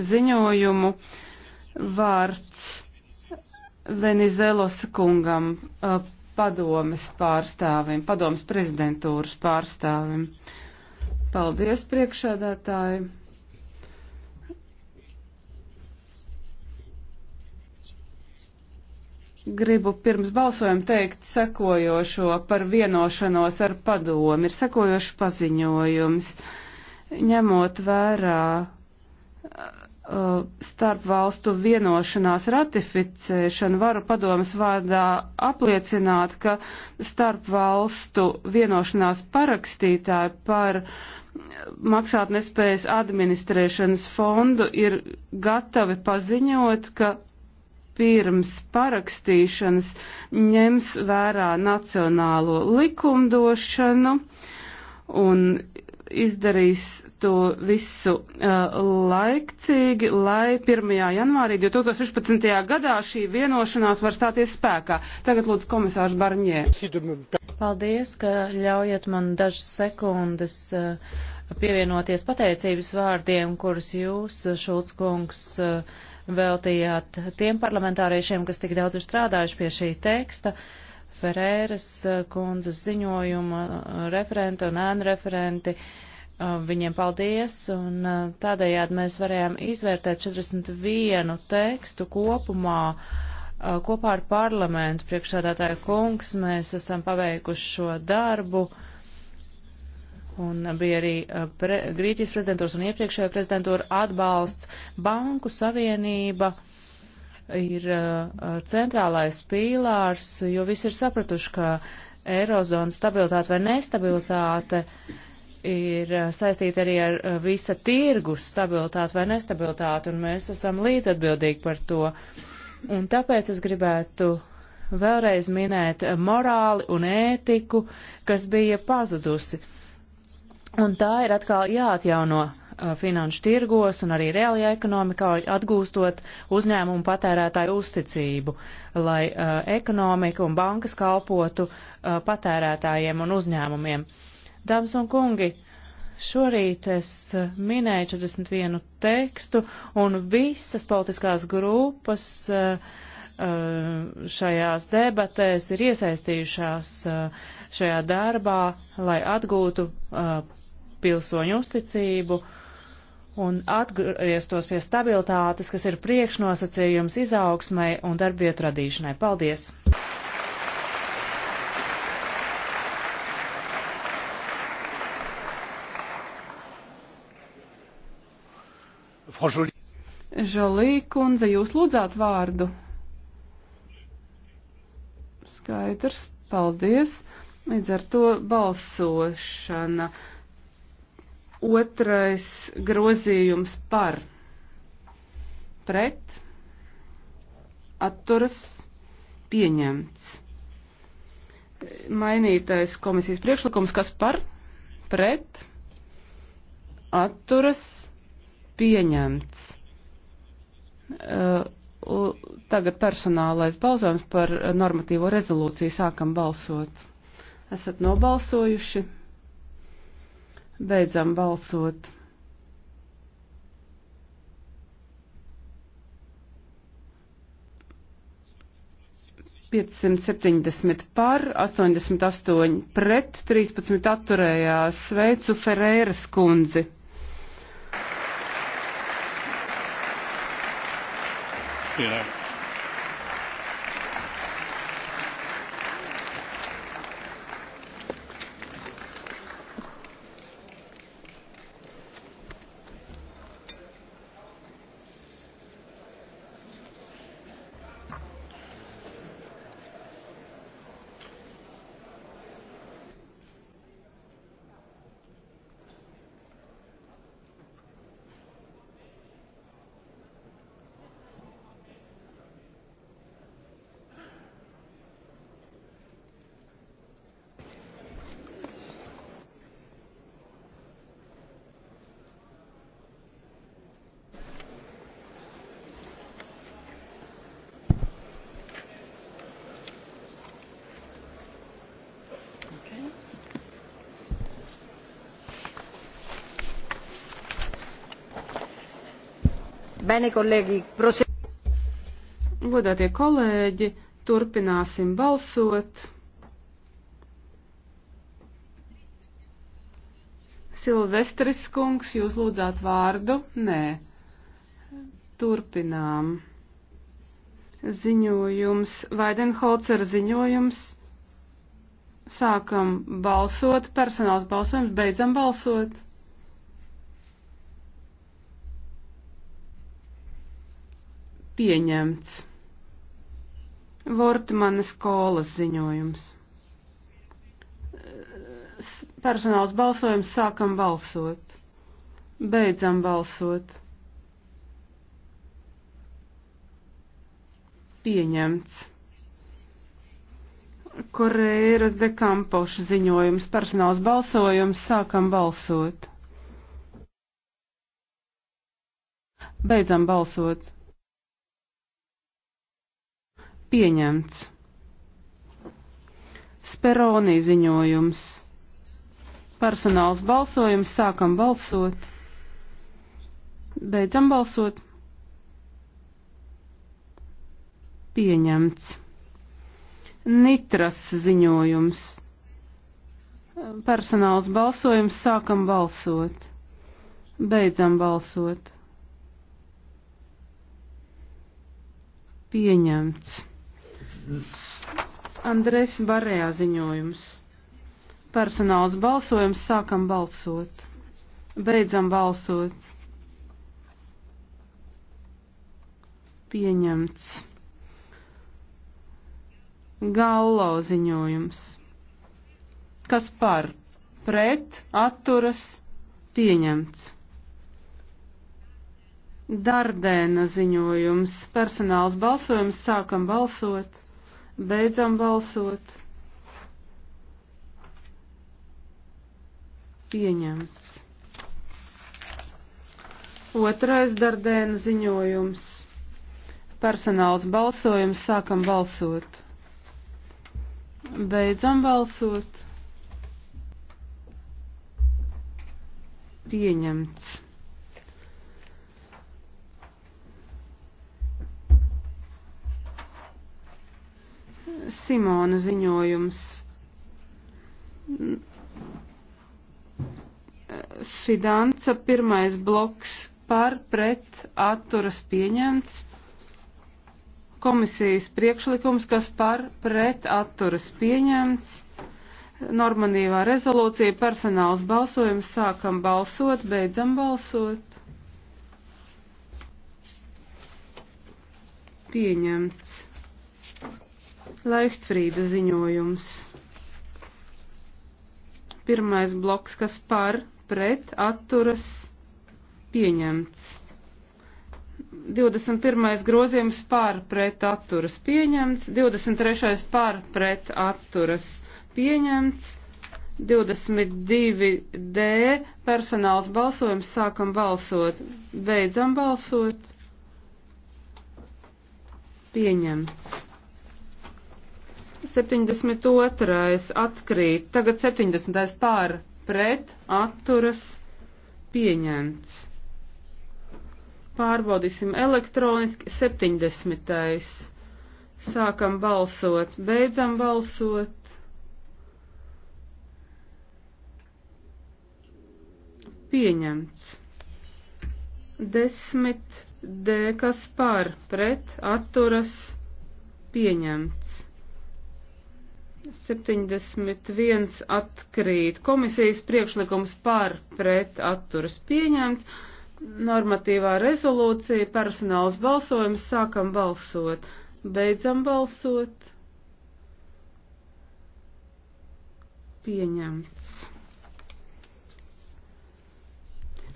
ziņojumu. Vārds Venizelos kungam, padomes pārstāvim, padomes prezidentūras pārstāvim. Paldies, priekšādātāji! gribu pirms balsojuma teikt sekojošo par vienošanos ar padomu. Ir sekojošs paziņojums, ņemot vērā Uh, starp valstu vienošanās ratificēšanu varu padomas vārdā apliecināt, ka starp valstu vienošanās parakstītāji par maksātnespējas administrēšanas fondu ir gatavi paziņot, ka pirms parakstīšanas ņems vērā nacionālo likumdošanu un izdarīs to visu uh, laikcīgi, lai 1. janvārī 2016. gadā šī vienošanās var stāties spēkā. Tagad lūdzu komisārs Barņē. Paldies, ka ļaujat man dažas sekundes uh, pievienoties pateicības vārdiem, kurus jūs, uh, Šulc kungs, uh, veltījāt tiem parlamentāriešiem, kas tik daudz ir strādājuši pie šī teksta. Ferēras uh, kundzes ziņojuma uh, referenta un ēnu referenti. Uh, Uh, viņiem paldies, un uh, tādējādi mēs varējām izvērtēt 41 tekstu kopumā uh, kopā ar parlamentu. Priekšsādātāja kungs, mēs esam paveikuši šo darbu, un bija arī pre, Grītijas prezidentūras un iepriekšējā prezidentūra atbalsts Banku Savienība ir centrālais pīlārs, jo visi ir sapratuši, ka Eirozonas stabilitāte vai nestabilitāte uh, ir eh, saistīta arī ar eh, visa tirgus stabilitāti vai nestabilitāti, un mēs esam līdzatbildīgi par to. Un tāpēc es gribētu vēlreiz minēt eh, morāli un ētiku, kas bija pazudusi. Un tā ir atkal jāatjauno finanšu tirgos un arī reālajā ekonomikā, atgūstot uzņēmumu patērētāju uzticību, lai uh, ekonomika un bankas kalpotu uh, patērētājiem un uzņēmumiem. Uh, Dāmas un kungi, šorīt es eh, minēju 41 tekstu un visas politiskās grupas eh, eh, šajās debatēs ir iesaistījušās šajā darbā, lai atgūtu pilsoņu uzticību un atgrieztos pie stabilitātes, kas ir priekšnosacījums izaugsmai un darbvietu radīšanai. Paldies! Žolī kundze, jūs lūdzāt vārdu. Skaidrs, paldies. Līdz ar to balsošana. Otrais grozījums par pret atturas pieņemts. Mainītais komisijas priekšlikums, kas par pret atturas pieņemts pieņemts. Uh, tagad personālais balsojums par normatīvo rezolūciju sākam balsot. Esat nobalsojuši. Beidzam balsot. Piecsimt septiņdesmit par, astoņdesmit astoņi pret, trīspadsmit atturējās. Sveicu Ferēras kundzi! vielen dank! Bene, kolēģi, prose... Godātie kolēģi, turpināsim balsot. Silvestris kungs, jūs lūdzāt vārdu? Nē. Turpinām. Ziņojums, Vaidenholcer ziņojums. Sākam balsot, personāls balsojums, beidzam balsot. Pieņemts. Vortmanas kolas ziņojums. Personāls balsojums sākam balsot. Beidzam balsot. Pieņemts. Korēras de Kampoša ziņojums, personāls balsojums, sākam balsot. Beidzam balsot. Pieņemts. Speronī ziņojums. Personāls balsojums. Sākam balsot. Beidzam balsot. Pieņemts. Nitras ziņojums. Personāls balsojums sākam balsot. Beidzam balsot. Pieņemts. Andrēs Barējā ziņojums. Personāls balsojums, sākam balsot. Beidzam balsot. Pieņemts. Gallo ziņojums. Kas par? Pret, atturas, pieņemts. Dardēna ziņojums. Personāls balsojums, sākam balsot. Beidzam balsot. Pieņemts. Otrais dardēna ziņojums. Personāls balsojums. Sākam balsot. Beidzam balsot. Pieņemts. Simona ziņojums. Fidanca pirmais bloks par pret atturas pieņemts. Komisijas priekšlikums, kas par pret atturas pieņemts. Normatīvā rezolūcija personāls balsojums sākam balsot, beidzam balsot. Pieņemts. Leichtfrīda ziņojums. Pirmais bloks, kas par, pret, atturas, pieņemts. 21. grozījums par, pret, atturas, pieņemts. 23. par, pret, atturas, pieņemts. 22. D. Personāls balsojums. Sākam balsot. Beidzam balsot. Pieņemts. 72. atkrīt, tagad 70. pār pret atturas pieņemts. Pārbaudīsim elektroniski 70. Sākam balsot, beidzam balsot. Pieņemts. 10. D. Kas par pret atturas pieņemts. 71 atkrīt. Komisijas priekšlikums par pret atturas pieņemts. Normatīvā rezolūcija, personāls balsojums, sākam balsot, beidzam balsot. Pieņemts.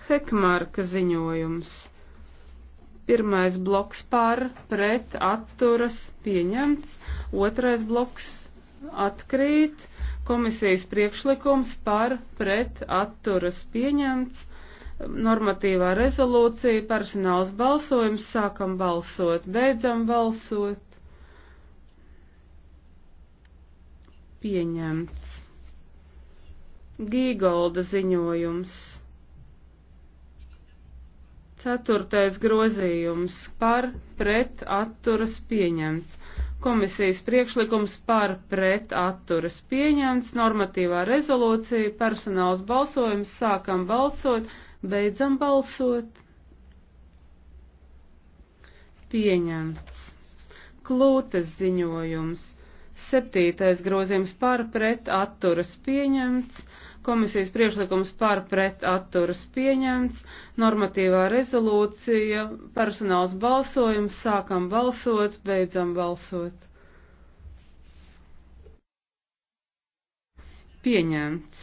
Hekmārka ziņojums. Pirmais bloks par, pret, atturas, pieņemts. Otrais bloks atkrīt komisijas priekšlikums par pret atturas pieņemts, normatīvā rezolūcija, personāls balsojums, sākam balsot, beidzam balsot. Pieņemts. Gīgolda ziņojums. Ceturtais grozījums par pret atturas pieņemts. Komisijas priekšlikums par pret atturas pieņemts, normatīvā rezolūcija, personāls balsojums, sākam balsot, beidzam balsot. Pieņemts. Klūtes ziņojums. Septītais grozījums par pret atturas pieņemts, Komisijas priekšlikums par pret atturas pieņemts, normatīvā rezolūcija, personāls balsojums, sākam balsot, beidzam balsot. Pieņemts.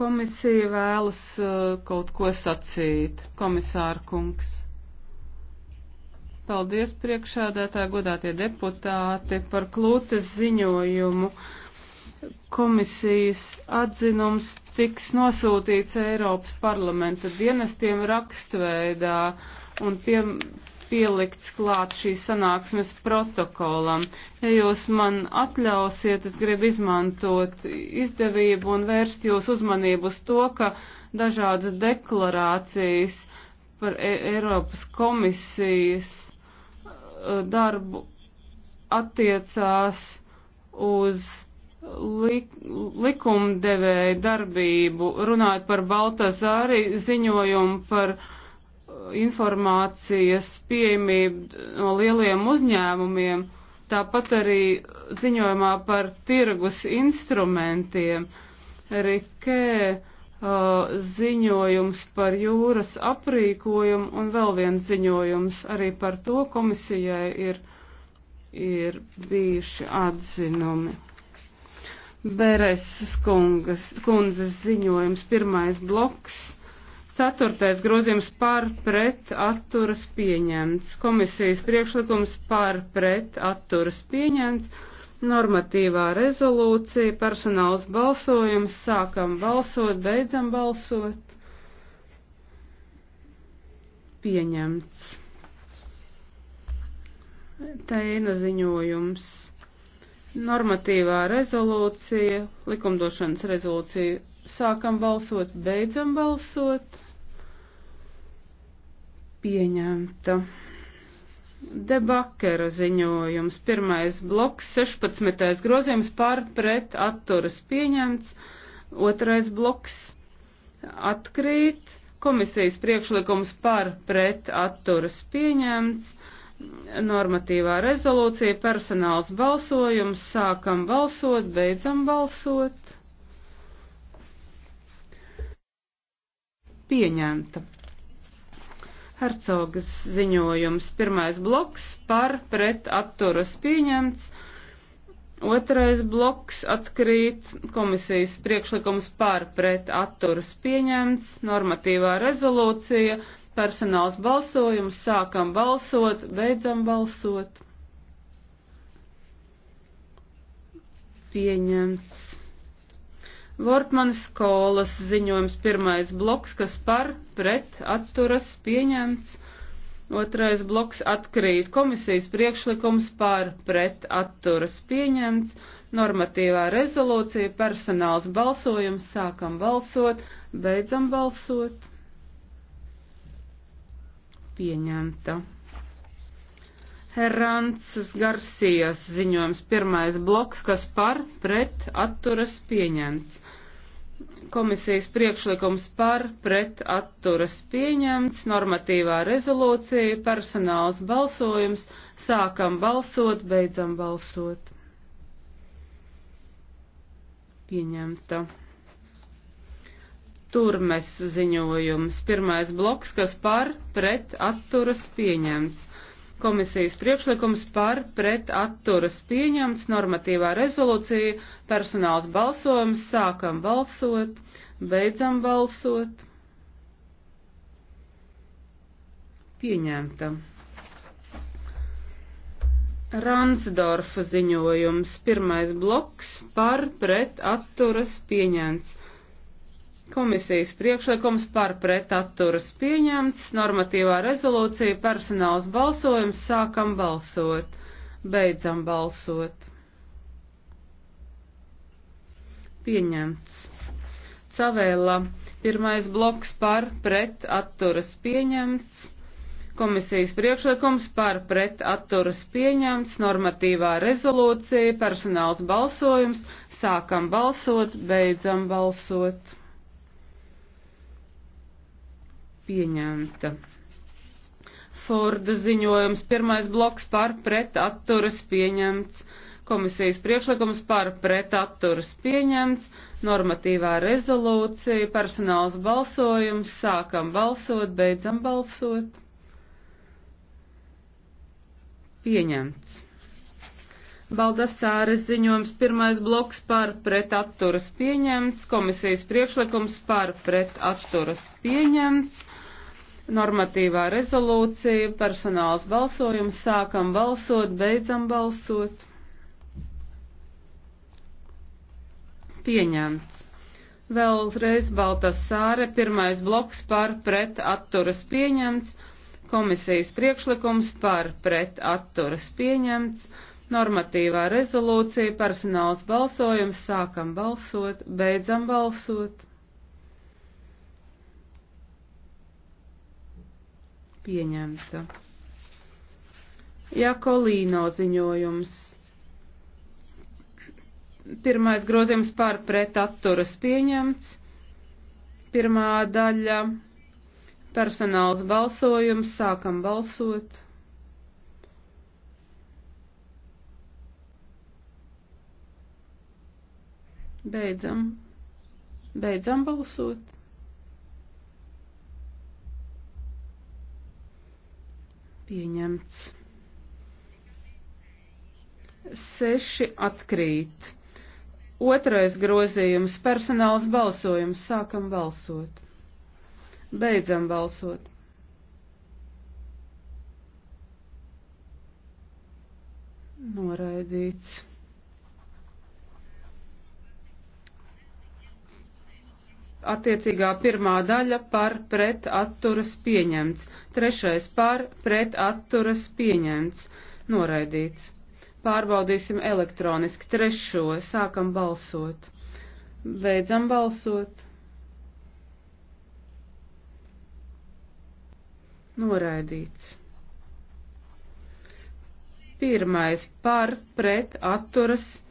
Komisija vēlas uh, kaut ko sacīt. Komisāra kungs. Paldies priekšādētā godātie deputāti par klūtes ziņojumu. Uh, komisijas atzinums tiks nosūtīts Eiropas parlamenta dienestiem rakstveidā un pie, pielikts klāt šīs sanāksmes protokolam. Ja jūs man atļausiet, es gribu izmantot izdevību un vērst jūs uzmanību uz to, ka dažādas deklarācijas par e Eiropas komisijas uh, darbu attiecās uz lik, likumdevēja darbību, runājot par Baltazāri ziņojumu par uh, informācijas pieejamību no lieliem uzņēmumiem, tāpat arī ziņojumā par tirgus instrumentiem. Rikē uh, ziņojums par jūras aprīkojumu un vēl viens ziņojums arī par to komisijai ir, ir bijuši atzinumi. Bereses kungas, kundzes ziņojums, pirmais bloks, ceturtais grozījums par pret atturas pieņemts, komisijas priekšlikums par pret atturas pieņemts, normatīvā rezolūcija, personāls balsojums, sākam balsot, beidzam balsot, pieņemts. Teina ziņojums normatīvā rezolūcija, likumdošanas rezolūcija. Sākam balsot, beidzam balsot. Pieņemta. Debakera ziņojums. Pirmais bloks, 16. grozījums par pret atturas pieņemts. Otrais bloks atkrīt. Komisijas priekšlikums par pret atturas pieņemts normatīvā rezolūcija, personāls balsojums, sākam balsot, beidzam balsot. Pieņemta. Hercogas ziņojums. Pirmais bloks par pret atturas pieņemts. Otrais bloks atkrīt komisijas priekšlikums par pret atturas pieņemts. Normatīvā rezolūcija Personāls balsojums, sākam balsot, beidzam balsot. Pieņemts. Vortmanas skolas ziņojums pirmais bloks, kas par, pret, atturas, pieņemts. Otrais bloks atkrīt. Komisijas priekšlikums par, pret, atturas, pieņemts. Normatīvā rezolūcija, personāls balsojums, sākam balsot, beidzam balsot pieņemta. Herants Garcijas ziņojums pirmais bloks, kas par pret atturas pieņemts. Komisijas priekšlikums par pret atturas pieņemts, normatīvā rezolūcija, personāls balsojums, sākam balsot, beidzam balsot. Pieņemta turmes ziņojums. Pirmais bloks, kas par pret atturas pieņemts. Komisijas priekšlikums par pret atturas pieņemts. Normatīvā rezolūcija, personāls balsojums, sākam balsot, beidzam balsot. Pieņemta. Ransdorfa ziņojums, pirmais bloks par pret atturas pieņemts Komisijas priekšlikums par pretatturas pieņemts, normatīvā rezolūcija, personāls balsojums, sākam balsot, beidzam balsot. Pieņemts. Cavēlā pirmais bloks par pretatturas pieņemts. Komisijas priekšlikums par pretatturas pieņemts, normatīvā rezolūcija, personāls balsojums, sākam balsot, beidzam balsot pieņemta. Forda ziņojums, pirmais bloks par pret atturas pieņemts, komisijas priekšlikums par pret atturas pieņemts, normatīvā rezolūcija, personāls balsojums, sākam balsot, beidzam balsot. Pieņemts. Baldasāres ziņojums pirmais bloks par pretatturas pieņemts, komisijas priekšlikums par pretatturas pieņemts, normatīvā rezolūcija, personāls balsojums, sākam balsot, beidzam balsot. Pieņemts. Vēlreiz Baltasāre, pirmais bloks par pretatturas pieņemts, komisijas priekšlikums par pretatturas pieņemts Normatīvā rezolūcija, personāls balsojums, sākam balsot, beidzam balsot. Pieņemta. Jakolīno ziņojums. Pirmais grozījums par pret atturas pieņemts. Pirmā daļa. Personāls balsojums, sākam balsot. Beidzam. Beidzam balsot. Pieņemts. Seši atkrīt. Otrais grozījums - personāls balsojums. Sākam balsot. Beidzam balsot. Noraidīts. attiecīgā pirmā daļa par pret atturas pieņemts, trešais par pret atturas pieņemts, noraidīts. Pārbaudīsim elektroniski trešo, sākam balsot. Beidzam balsot. Noraidīts. Pirmais par pret atturas pieņemts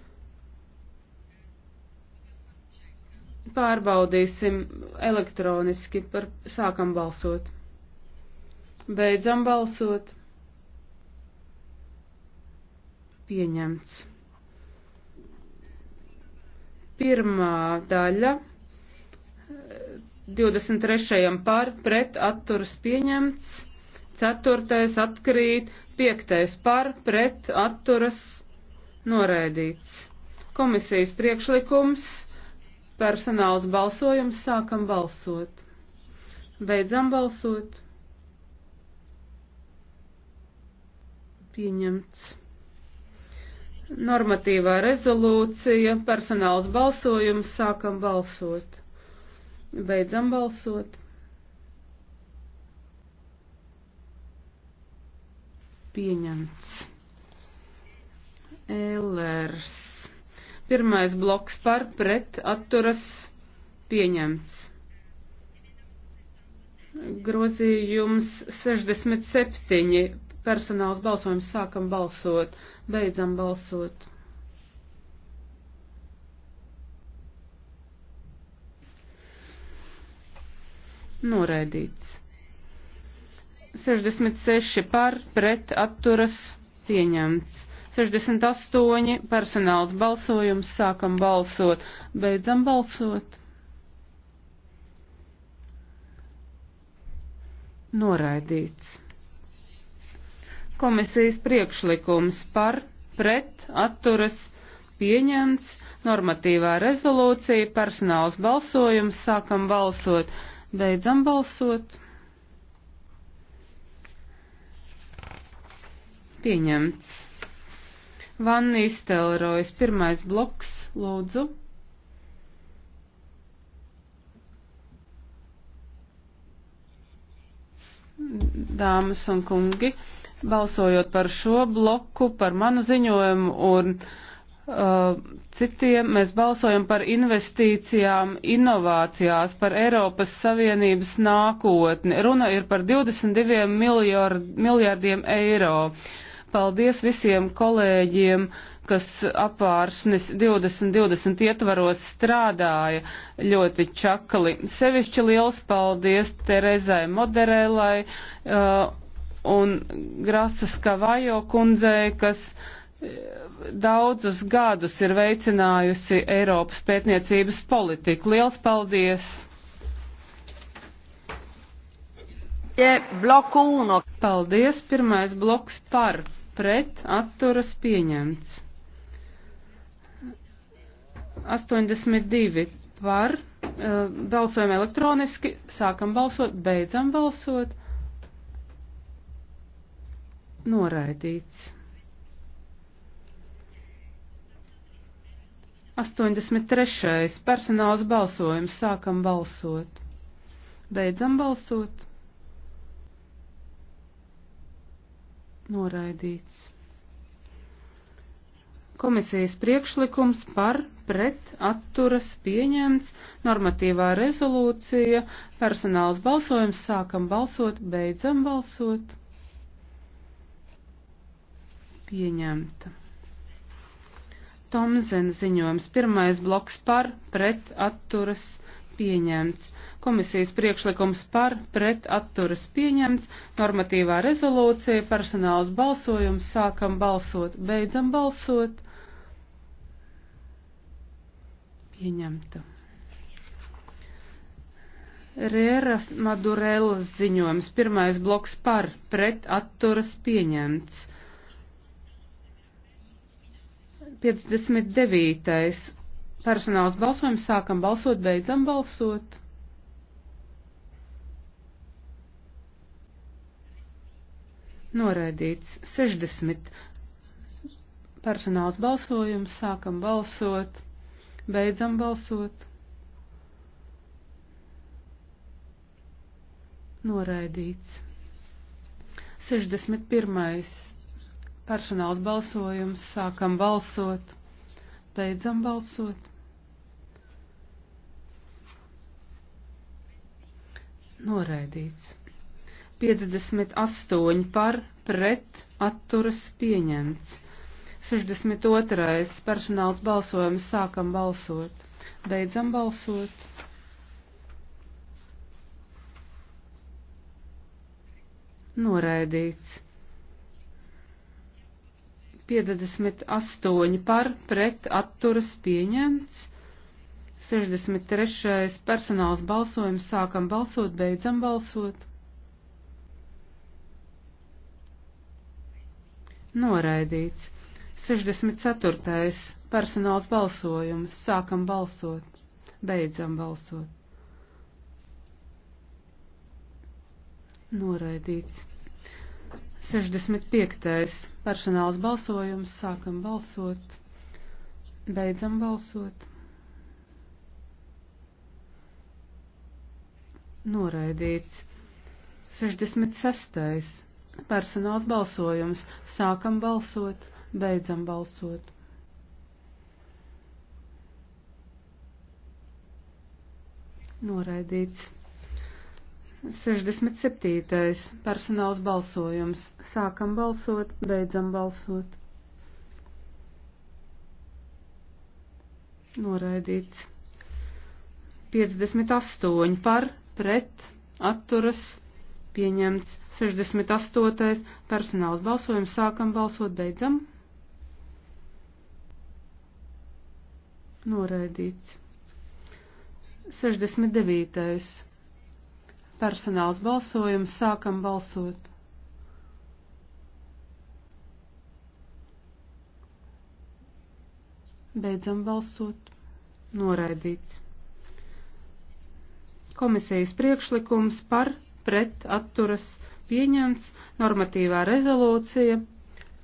pārbaudīsim elektroniski, par sākam balsot. Beidzam balsot. Pieņemts. Pirmā daļa. 23. par pret atturas pieņemts. 4. atkrīt. 5. par pret atturas noraidīts. Komisijas priekšlikums Personāls balsojums sākam balsot. Beidzam balsot. Pieņemts. Normatīvā rezolūcija, personāls balsojums, sākam balsot. Beidzam balsot. Pieņemts. Ellers. Pirmais bloks par pret atturas pieņemts. Grozījums 67. Personāls balsojums sākam balsot, beidzam balsot. Noraidīts. 66 par pret atturas pieņemts. 68 personāls balsojums. Sākam balsot. Beidzam balsot. Noraidīts. Komisijas priekšlikums par, pret, atturas pieņemts, normatīvā rezolūcija, personāls balsojums, sākam balsot, beidzam balsot. Pieņemts. Van Nistelrojas, pirmais bloks, lūdzu. Dāmas un kungi, balsojot par šo bloku, par manu ziņojumu un uh, citiem, mēs balsojam par investīcijām, inovācijās, par Eiropas Savienības nākotni. Runa ir par 22 miljard, miljardiem eiro. Uh, paldies visiem kolēģiem, kas apārsnes 2020 ietvaros strādāja ļoti čakli. Sevišķi liels paldies Terezai Moderēlai uh, un Grasas Kavajo kundzei, kas uh, daudzus gadus ir veicinājusi Eiropas pētniecības politiku. Liels paldies! Bloku 1. Paldies, pirmais bloks par pret atturas pieņemts. 82 par, eh, balsojam elektroniski, sākam balsot, beidzam balsot. Noraidīts. 83. personāls balsojums, sākam balsot. Beidzam balsot. Noraidīts. Komisijas priekšlikums par pret atturas pieņemts, normatīvā rezolūcija, personāls balsojums, sākam balsot, beidzam balsot. Pieņemta. Tomzena ziņojums, pirmais bloks par pret atturas pieņemts. Komisijas priekšlikums par pret atturas pieņemts. Normatīvā rezolūcija, personāls balsojums, sākam balsot, beidzam balsot. Pieņemta. Rēras Madurēlas ziņojums. Pirmais bloks par pret atturas pieņemts. 59. Personāls balsojums sākam balsot, beidzam balsot. Noraidīts 60. Personāls balsojums sākam balsot, beidzam balsot. Noraidīts 61. Personāls balsojums sākam balsot, beidzam balsot. Noraidīts. 58 par pret atturas pieņemts. 62. personāls balsojums sākam balsot. Beidzam balsot. Noraidīts. 58 par pret atturas pieņemts. 63. personāls balsojums. Sākam balsot, beidzam balsot. Noraidīts. 64. personāls balsojums. Sākam balsot, beidzam balsot. Noraidīts. 65. personāls balsojums. Sākam balsot, beidzam balsot. Noraidīts. 66. Personāls balsojums. Sākam balsot, beidzam balsot. Noraidīts. 67. Personāls balsojums. Sākam balsot, beidzam balsot. Noraidīts. 58 par, pret, atturas, pieņemts. 68. personāls balsojums, sākam balsot, beidzam. Noraidīts. 69. personāls balsojums, sākam balsot. Beidzam balsot. Noraidīts. Komisijas priekšlikums par pret atturas pieņemts, normatīvā rezolūcija,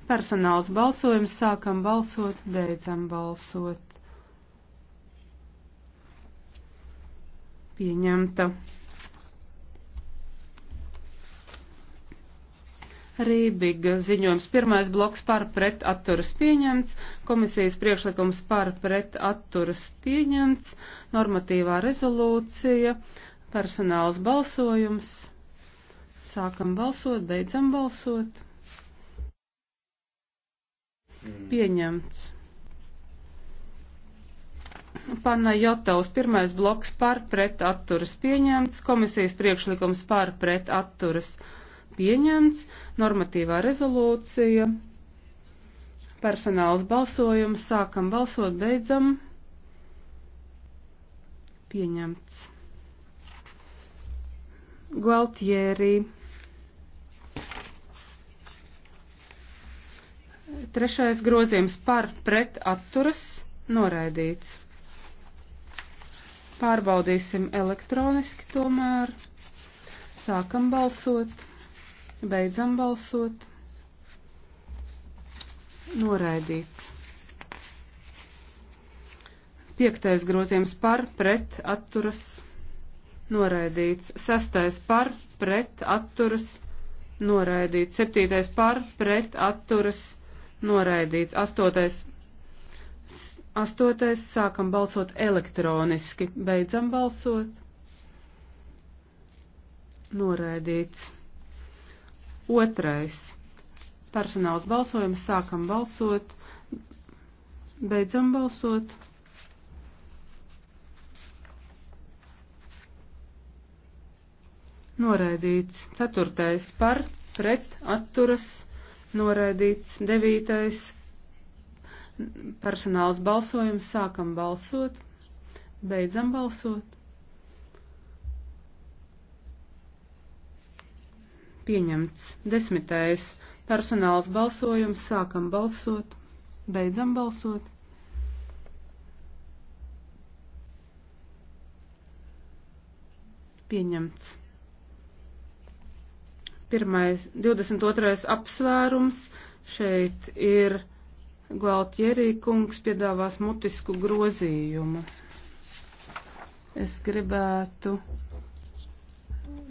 personāls balsojums, sākam balsot, beidzam balsot. Pieņemta. Rībiga ziņojums. Pirmais bloks par pret atturas pieņemts, komisijas priekšlikums par pret atturas pieņemts, normatīvā rezolūcija, personāls balsojums. Sākam balsot, beidzam balsot. Mm. Pieņemts. Pana Jotaus pirmais bloks par pret atturas pieņemts, komisijas priekšlikums par pret atturas pieņemts pieņemts, normatīvā rezolūcija, personāls balsojums, sākam balsot, beidzam, pieņemts. Gualtieri. Trešais grozījums par pret atturas noraidīts. Pārbaudīsim elektroniski tomēr. Sākam balsot. Beidzam balsot. Noraidīts. Piektais grozījums par, pret, atturas, noraidīts. Sestais par, pret, atturas, noraidīts. Septītais par, pret, atturas, noraidīts. Astotais. Astotais sākam balsot elektroniski. Beidzam balsot. Noraidīts. Otrais. Personāls balsojums. Sākam balsot. Beidzam balsot. Noraidīts. Ceturtais par, pret, atturas. Noraidīts. Devītais. Personāls balsojums. Sākam balsot. Beidzam balsot. Pieņemts. Desmitais. Personāls balsojums. Sākam balsot. Beidzam balsot. Pieņemts. Pirmais, 22. apsvērums. Šeit ir Gualtjerī kungs piedāvās mutisku grozījumu. Es gribētu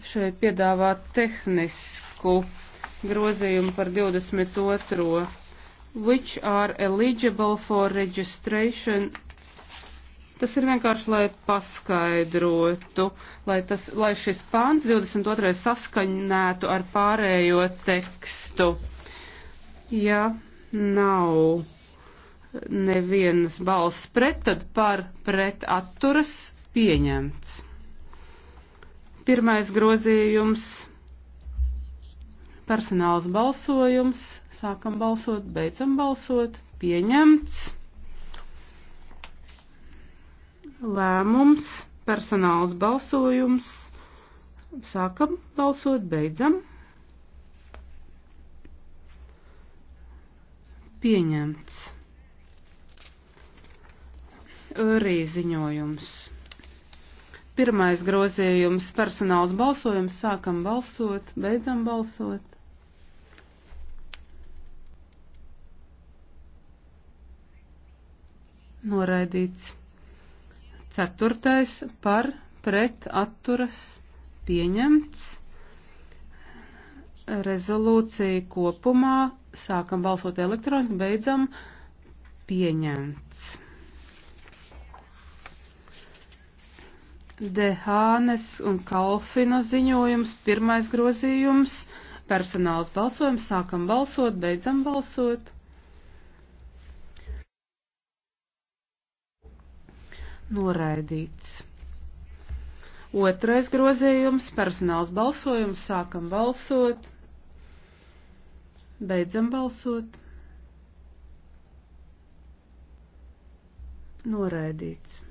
šeit piedāvā tehnisku grozījumu par 22. which are eligible for registration. Tas ir vienkārši, lai paskaidrotu, lai, tas, lai šis pāns 22. saskaņētu ar pārējo tekstu. Ja nav nevienas balss pret, tad par pret atturas pieņemts. Pirmais grozījums - personāls balsojums. Sākam balsot, beidzam balsot. Pieņemts. Lēmums - personāls balsojums. Sākam balsot, beidzam. Pieņemts. Arī ziņojums. Pirmais grozījums - personāls balsojums. Sākam balsot, beidzam balsot. Noraidīts. Ceturtais par pret atturas pieņemts. Rezolūcija kopumā sākam balsot elektroniski, beidzam pieņemts. Dehānes un Kalfina ziņojums, pirmais grozījums, personāls balsojums, sākam balsot, beidzam balsot. Noraidīts. Otrais grozījums, personāls balsojums, sākam balsot, beidzam balsot. Noraidīts.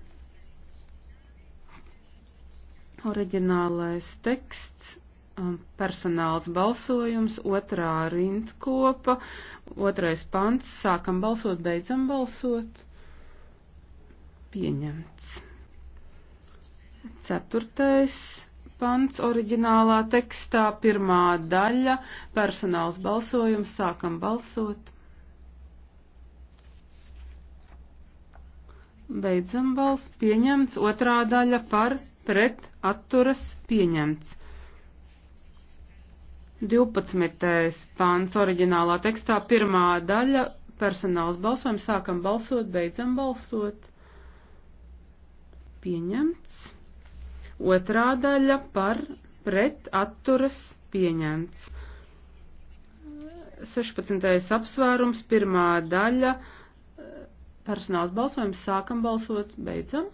Oriģinālais teksts, um, personāls balsojums, otrā rindkopa, otrais pants, sākam balsot, beidzam balsot. Pieņemts. Ceturtais pants oriģinālā tekstā, pirmā daļa, personāls balsojums, sākam balsot. Beidzam balsts, pieņemts otrā daļa par pret atturas pieņemts. 12. pāns oriģinālā tekstā pirmā daļa personāls balsojums sākam balsot, beidzam balsot. Pieņemts. Otrā daļa par pret atturas pieņemts. 16. apsvērums, pirmā daļa personāls balsojums sākam balsot, beidzam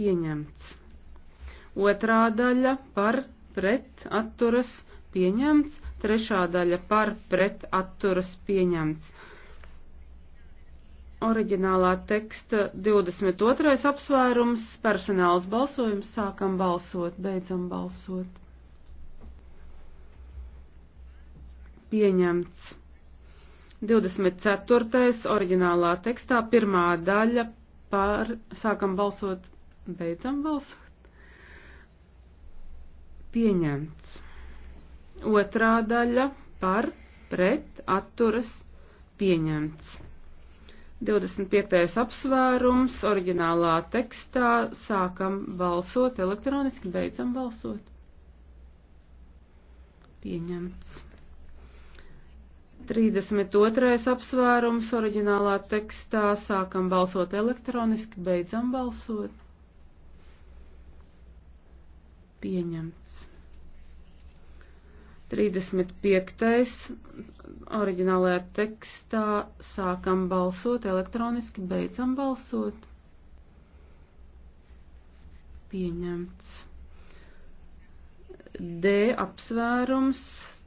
pieņemts. Otrā daļa par pret atturas pieņemts, trešā daļa par pret atturas pieņemts. Oriģinālā teksta 22. apsvērums, personāls balsojums, sākam balsot, beidzam balsot. Pieņemts. 24. oriģinālā tekstā pirmā daļa par sākam balsot Beidzam balsot. Pieņemts. Otrā daļa par, pret, atturas, pieņemts. 25. apsvērums oriģinālā tekstā sākam balsot elektroniski, beidzam balsot. Pieņemts. 32. apsvērums oriģinālā tekstā sākam balsot elektroniski, beidzam balsot pieņemts. 35. oriģinālajā tekstā sākam balsot elektroniski, beidzam balsot. Pieņemts. D apsvērums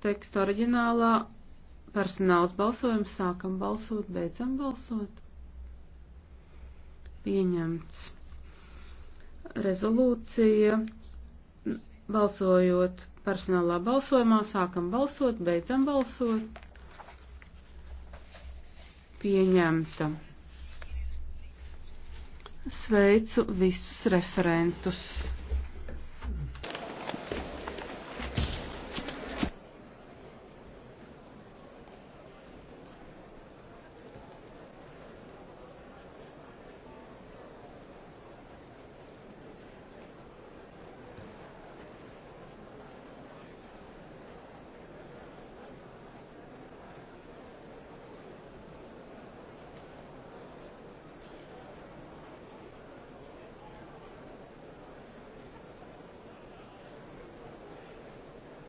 teksta oriģinālā personāls balsojums sākam balsot, beidzam balsot. Pieņemts. Rezolūcija Balsojot personālā balsojumā, sākam balsot, beidzam balsot. Pieņemta. Sveicu visus referentus.